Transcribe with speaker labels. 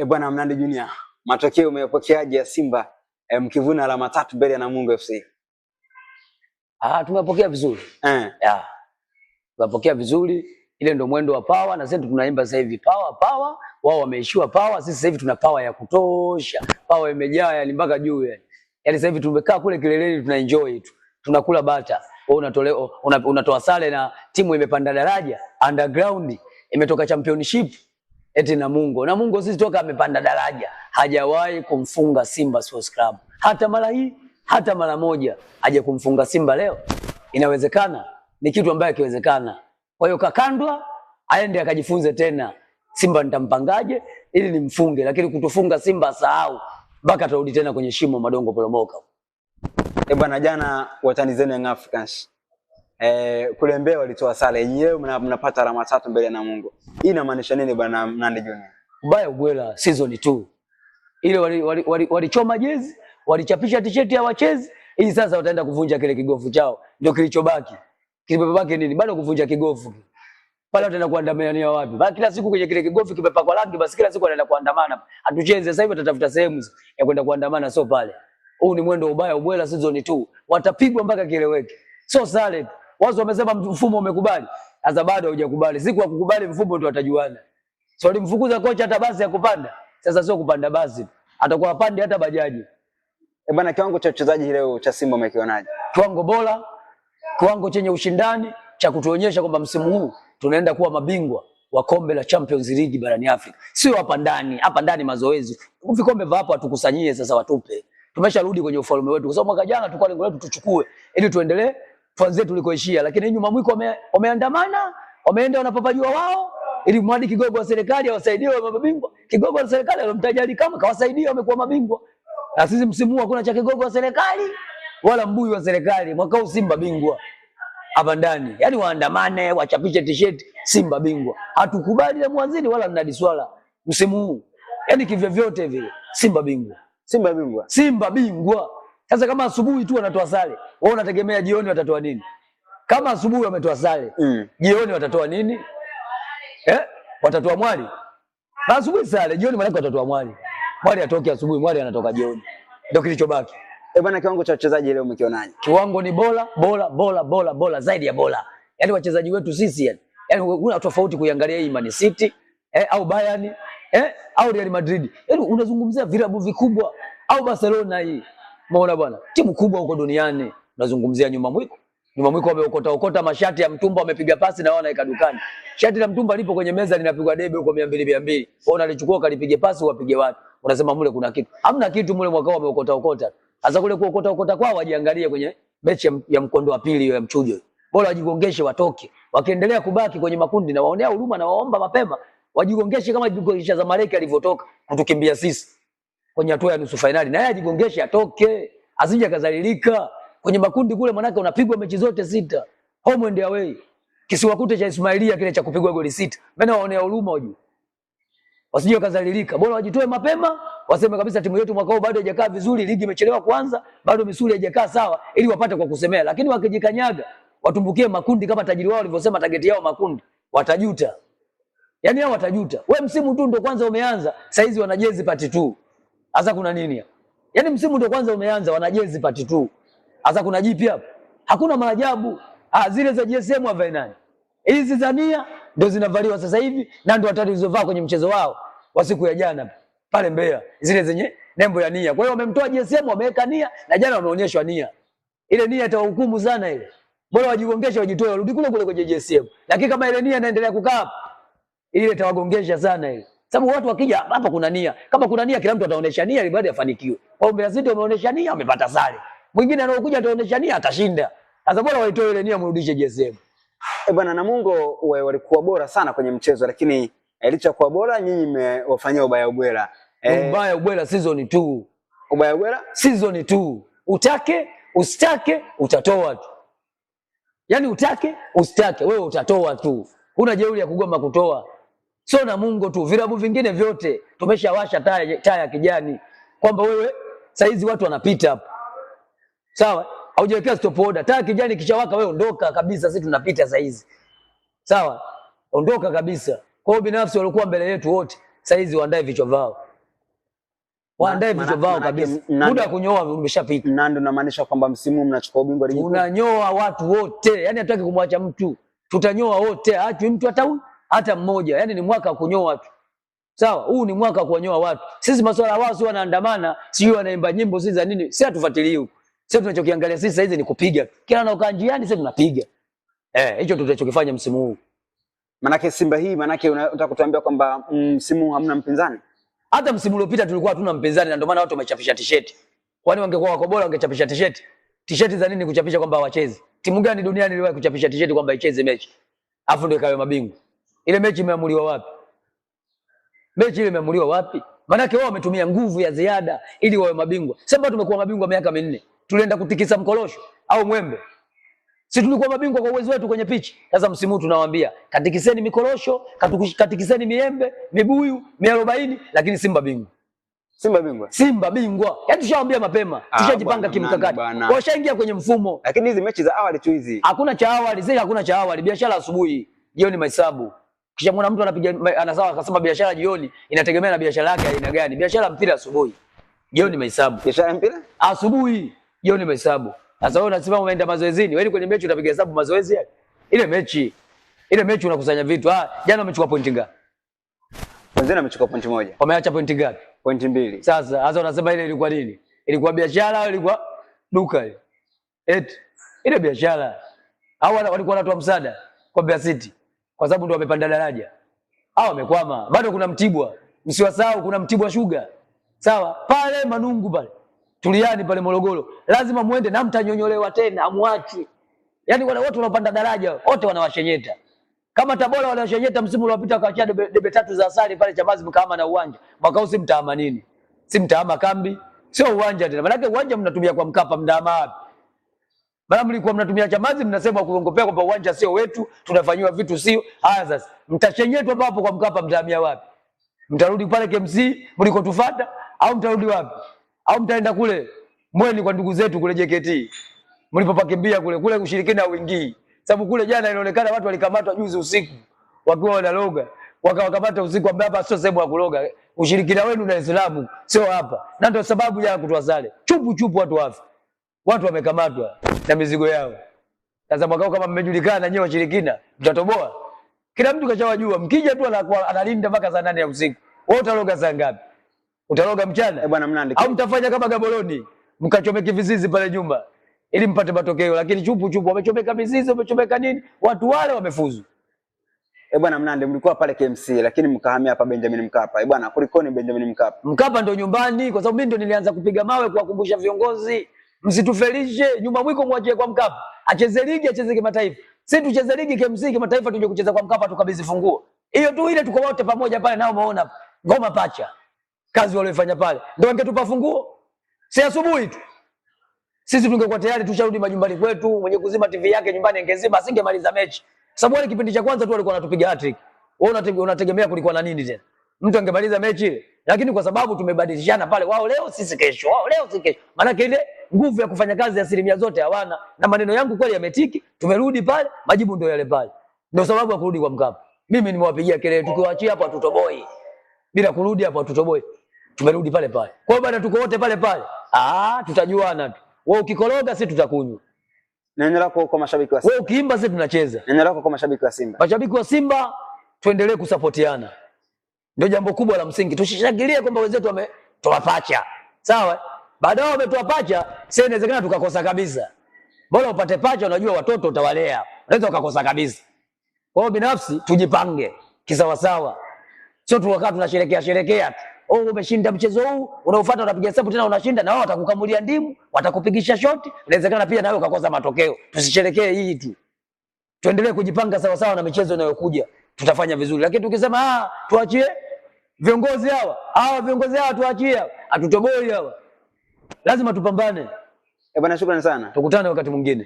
Speaker 1: E, bwana Mnandi Junior, matokeo umepokeaje ya Simba e, mkivuna alama tatu mbele ya Namungo FC?
Speaker 2: Ah, tumepokea vizuri. Eh. Ya. Tumepokea vizuri. Ile ndio mwendo wa power na sisi tunaimba sasa hivi power power, wao wameishiwa power, sisi sasa hivi tuna power ya kutosha. Power imejaa yani mpaka juu yani. Yaani sasa hivi tumekaa kule kileleni tuna enjoy tu. Tunakula bata. Wewe unatolea unatoa sare na timu imepanda daraja underground, imetoka championship eti na Mungu. Na Mungu sisi toka amepanda daraja hajawahi kumfunga Simba Sports Club hata mara hii, hata mara moja haja kumfunga Simba. Leo inawezekana, ni kitu ambacho kiwezekana. Kwa hiyo Kakandwa aende akajifunze tena, Simba nitampangaje ili nimfunge, lakini kutufunga Simba asahau mpaka atarudi tena kwenye shimo, madongo poromoka.
Speaker 1: Eh bwana, jana watani zenu Young Africans eh, kule Mbeya walitoa sare yenyewe, mnapata alama tatu mbele na Mungu. Hii inamaanisha nini bwana Mnandi Junior?
Speaker 2: Ubaya ubwela season 2. Ile walichoma wali, wali, wali jezi, walichapisha tisheti ya wachezi, hii. sasa wataenda kuvunja kile kigofu chao. Ndio kilichobaki. Kilichobaki nini? Bado kuvunja kigofu. Pale wataenda kuandamana ni wapi? Basi kila siku kwenye kile kigofu kimepakwa rangi, basi kila siku wanaenda kuandamana. Hatucheze sasa hivi, watatafuta sehemu ya kwenda kuandamana, sio pale. Huu ni mwendo ubaya ubwela season 2. Watapigwa mpaka kieleweke. So sale Wazo wamesema mfumo umekubali, sasa bado haujakubali. Siku akukubali mfumo ndio atajuana. So alimfukuza kocha hata basi ya kupanda, sasa sio kupanda basi, atakuwa apande hata bajaji. E
Speaker 1: eh, bana, kiwango cha uchezaji leo cha Simba umekionaje?
Speaker 2: Kiwango bora, kiwango chenye ushindani cha kutuonyesha kwamba msimu huu tunaenda kuwa mabingwa wa kombe la Champions League barani Afrika. Sio hapa ndani, hapa ndani mazoezi. Vikombe vya hapa tukusanyie sasa watupe. Tumesharudi kwenye ufalme wetu. Kwa sababu mwaka jana tulikuwa lengo letu tuchukue ili tuendelee fan tulikoishia, lakini nyuma mwiko wameandamana wameenda wanapapajua wao ili mwadi kigogo wa serikali awasaidie wa mabingwa. Kigogo wa serikali alimtaja Ali kama kawasaidia, wamekuwa mabingwa. Na sisi msimu huu hakuna cha kigogo wa serikali wala mbuyu wa serikali. Mwaka huu Simba bingwa hapa ndani, yaani waandamane, wachapishe t-shirt Simba bingwa. Hatukubali na mwanzini wala mnadi swala msimu huu, yaani kivyo vyote vile Simba bingwa, Simba bingwa, Simba bingwa. Sasa kama asubuhi tu wanatoa sare, wao unategemea jioni watatoa nini? Kama asubuhi wametoa sare, mm. jioni watatoa nini? Eh? Watatoa mwali. Na asubuhi sare, jioni maana watatoa mwali. Mwali atoke asubuhi, mwali anatoka jioni. Ndio kilichobaki.
Speaker 1: Eh, bwana kiwango cha wachezaji leo umekionaje?
Speaker 2: Kiwango ni bora, bora, bora, bora, bora zaidi ya bora. Yaani wachezaji wetu sisi yani. Yaani kuna tofauti kuiangalia hii Man City eh, au Bayern eh, au Real Madrid. Yaani unazungumzia vilabu vikubwa au Barcelona hii. Umeona bwana, timu kubwa huko duniani nazungumzia nyuma mwiko. Nyuma mwiko wameokota okota mashati ya mtumba wamepiga pasi na wao naika dukani. Shati la mtumba lipo kwenye meza linapigwa debe huko 200 200. Wao unalichukua ukalipige pasi uwapige watu. Unasema mule kuna kitu. Hamna kitu mule mwakao wameokota okota. Sasa kule kuokota okota kwao wajiangalie kwenye mechi ya, ya mkondo wa pili ya mchujo. Bora wajigongeshe watoke. Wakiendelea kubaki kwenye makundi na waonea huruma na waomba mapema wajigongeshe kama jigongesha Zamalek alivyotoka kutukimbia sisi kwenye hatua ya nusu fainali, naye ajigongeshe atoke, asije akadhalilika kwenye makundi kule, manake unapigwa mechi zote sita, home and away. Kisiwakute cha Ismailia kile cha kupigwa goli sita, mbona waonea huruma wajue, wasije wakadhalilika. Bora wajitoe mapema, waseme kabisa timu yetu mwaka huu bado haijakaa vizuri, ligi imechelewa kuanza, bado misuli haijakaa sawa, ili wapate kwa kusemea. Lakini wakijikanyaga watumbukie makundi kama tajiri wao walivyosema, tageti yao makundi, watajuta. Yani hao watajuta. Wewe msimu tu ndo kwanza umeanza, saizi wana jezi part 2. Sasa kuna nini hapa? Yaani msimu ndio kwanza umeanza wana jezi pati tu. Sasa kuna jipi hapa? Hakuna maajabu. Ah, zile za GSM havae nani? Hizi za Nia ndio zinavaliwa sasa hivi na ndio watatu zilizovaa kwenye mchezo wao wa siku ya jana pale Mbeya. Zile zenye nembo ya Nia. Kwa hiyo wamemtoa GSM wameweka Nia na jana wameonyeshwa Nia. Ile Nia itawahukumu sana ile. Bora wajigongeshe wajitoe warudi kule kule kwenye GSM. Lakini kama ile Nia inaendelea kukaa ile itawagongesha sana ile. Sababu watu wakija hapa kuna nia. Kama kuna nia kila mtu ataonesha nia ili mradi afanikiwe. Kwa hiyo City wameonesha nia wamepata sare. Mwingine anaokuja ataonesha nia atashinda. Sasa bora waitoe ile nia mrudishe JSM.
Speaker 1: Eh, bwana Namungo walikuwa bora sana kwenye mchezo lakini eh, licha kuwa bora nyinyi mmewafanyia ubaya ubwela.
Speaker 2: Eh, ubaya ubwela season 2. Ubaya ubwela season 2. Utake, usitake, utatoa tu. Yaani utake, usitake, wewe utatoa tu. Huna jeuri ya kugoma kutoa sio na Mungu tu, vilabu vingine vyote tumeshawasha taa ya kijani kwamba wewe saizi watu wanapita hapo, sawa, haujawekea stop order. Taa kijani kishawaka, wewe ondoka kabisa, sisi tunapita saizi, sawa, ondoka kabisa. Kwa hiyo binafsi walikuwa mbele yetu wote, saizi waandae vichwa vao waandae vichwa vao kabisa, muda kunyoa umeshapita.
Speaker 1: Na ndio namaanisha kwamba msimu mnachukua ubingwa ligi,
Speaker 2: unanyoa watu wote, yani hataki kumwacha mtu, tutanyoa wote, aachwi mtu hata huyu hata mmoja, yani ni mwaka wa kunyoa tu. Sawa, huu ni mwaka wa kuwanyoa watu. Sisi masuala wao sio wanaandamana, sio wanaimba nyimbo sisi za nini? Sisi hatufuatilii huko. Sisi tunachokiangalia sisi saizi ni kupiga. Kila anaokaa njiani sisi tunapiga. Eh, hicho ndio tunachokifanya msimu huu.
Speaker 1: Manake Simba hii manake unataka kutuambia kwamba mm, msimu mm, hamna mpinzani?
Speaker 2: Hata msimu uliopita tulikuwa hatuna mpinzani na ndio maana watu wamechapisha t-shirt. Kwani wangekuwa wako bora wangechapisha t-shirt? T-shirt za nini kuchapisha kwamba hawachezi? Timu gani duniani iliwahi kuchapisha t-shirt kwamba icheze mechi? Afu ndio ikawa mabingwa. Ile mechi imeamuliwa wapi? Mechi ile imeamuliwa wapi? Maanake wao wametumia nguvu ya ziada ili wawe mabingwa. Sasa tumekuwa mabingwa miaka minne, tulienda kutikisa mkolosho au mwembe? Si tulikuwa mabingwa kwa uwezo wetu kwenye pichi. Sasa msimu huu tunawaambia katikiseni mikorosho, katikiseni miembe, mibuyu, miarobaini, lakini Simba bingwa. Simba bingwa. Simba bingwa. Yaani tushawaambia mapema, ah, tushajipanga kimkakati. Washaingia kwenye mfumo.
Speaker 1: Lakini hizi mechi za awali tu hizi.
Speaker 2: Hakuna cha awali, zile hakuna cha awali. Biashara asubuhi, jioni mahesabu. Kisha mwana mtu anapiga anasawa akasema biashara jioni inategemea na biashara yake aina gani. Biashara mpira asubuhi. Jioni mahesabu, Biashara mpira? Asubuhi. Jioni mahesabu. Sasa wewe unasema umeenda mazoezini, wewe kwenye mechi unapiga hesabu mazoezi yake. Ile mechi. Ile mechi unakusanya vitu. Ah, jana umechukua pointi ngapi?
Speaker 1: Wenzenu wamechukua pointi moja.
Speaker 2: Wameacha pointi ngapi? Pointi mbili. Sasa sasa unasema ile ilikuwa nini? Ilikuwa biashara au ilikuwa duka ile? Eti ile biashara au walikuwa watu wa msaada kwa Bia City? kwa sababu ndo wamepanda daraja. Hao wamekwama. Bado kuna Mtibwa. Msiwasahau kuna Mtibwa Sugar. Sawa? Pale Manungu pale. Tuliani pale Morogoro. Lazima muende na mtanyonyolewa tena, amwachi. Yaani wale wote wanaopanda daraja wote wanawashenyeta. Kama Tabora wanawashenyeta msimu uliopita wakawachia debe, debe tatu za asali pale Chamazi mkaama na uwanja. Mwaka huu si mtaama nini? Si mtaama kambi, sio uwanja tena. Maana uwanja mnatumia kwa Mkapa mnaama wapi? Maana mlikuwa mnatumia Chamazi mnasema kuongopea kwamba uwanja sio wetu, tunafanyiwa vitu sio. Haya sasa, mtachenyetwa hapo hapo kwa Mkapa mtahamia wapi? Mtarudi pale KMC mlikotufuata au mtarudi wapi? Au mtaenda kule Mweni kwa ndugu zetu kule JKT. Mlipopakimbia kule kule kushirikina uingii Sababu kule jana inaonekana watu walikamatwa juzi usiku wakiwa wanaloga. Wakawakamata usiku ambao hapa sio sehemu ya kuloga. Ushirikina wenu na Uislamu sio hapa. Na ndio sababu ya kutoa sare. Chupu chupu watu wafi. Watu wamekamatwa na mizigo yao. Sasa mwaka huu kama mmejulikana nyewe washirikina, mtatoboa. Kila mtu kashawajua, mkija tu anakuwa analinda mpaka saa nane ya usiku. Wewe utaroga saa ngapi? Utaroga mchana? Eh, bwana Mnandi. Au mtafanya kama Gaboroni, mkachomeke vizizi pale nyumba ili mpate matokeo, lakini chupu chupu wamechomeka mizizi, wamechomeka nini? Watu wale wamefuzu.
Speaker 1: Eh, bwana Mnandi, mlikuwa pale KMC lakini mkahamia hapa Benjamin Mkapa. Eh, bwana kulikoni Benjamin Mkapa?
Speaker 2: Mkapa ndio nyumbani, kwa sababu mimi ndio nilianza kupiga mawe kuwakumbusha viongozi msitufelishe. Nyuma mwiko mwachie kwa Mkapa, acheze ligi, acheze kimataifa. Sisi tucheze ligi KMC, kimataifa tuje kucheza kwa Mkapa, tukabidhi funguo hiyo tu, ile tuko wote pamoja pale. Nao umeona ngoma pacha kazi waliofanya pale, ndio wangetupa funguo si asubuhi tu sisi tungekuwa tayari tusharudi majumbani kwetu. Mwenye kuzima TV yake nyumbani angezima, asingemaliza mechi, sababu wale kipindi cha kwanza tu walikuwa wanatupiga hattrick. Wewe unategemea kulikuwa na nini tena? Mtu angemaliza mechi ile, lakini kwa sababu tumebadilishana pale, wao leo sisi kesho, wao leo sisi kesho, maana ile nguvu ya kufanya kazi asilimia zote hawana, na maneno yangu kweli yametiki. Tumerudi pale, majibu ndio yale pale. Ndio sababu ya kurudi kwa Mkapa. Mimi nimewapigia kelele, tukiwaachia hapa tutoboi, bila kurudi hapa tutoboi. Tumerudi pale pale, kwa hiyo bado tuko wote pale pale. Ah, tutajuana tu, wewe ukikoroga, sisi tutakunywa.
Speaker 1: Neno lako kwa mashabiki wa Simba,
Speaker 2: wewe ukiimba, sisi tunacheza.
Speaker 1: Neno lako kwa mashabiki wa Simba.
Speaker 2: Mashabiki wa Simba, tuendelee kusapotiana, ndio jambo kubwa la msingi. Tusishangilie kwamba wenzetu wametoa pacha, sawa baada wao wametoa pacha, sasa inawezekana tukakosa kabisa. Bora upate pacha, unajua watoto utawalea, unaweza ukakosa kabisa. Kwa hiyo binafsi tujipange kisawa sawa. sio tuwakaa tunasherekea sherekea tu. Oh, umeshinda mchezo huu, unaofuata unapiga hesabu tena unashinda, na wao watakukamulia ndimu, watakupigisha shoti, inawezekana pia nawe ukakosa matokeo. Tusisherekee hii tu, tuendelee kujipanga sawa sawa na michezo inayokuja, tutafanya vizuri. Lakini tukisema ah, tuachie viongozi hawa hawa viongozi hawa tuachie, atutoboi hawa lazima tupambane.
Speaker 1: Eh bwana, shukrani sana,
Speaker 2: tukutane wakati mwingine.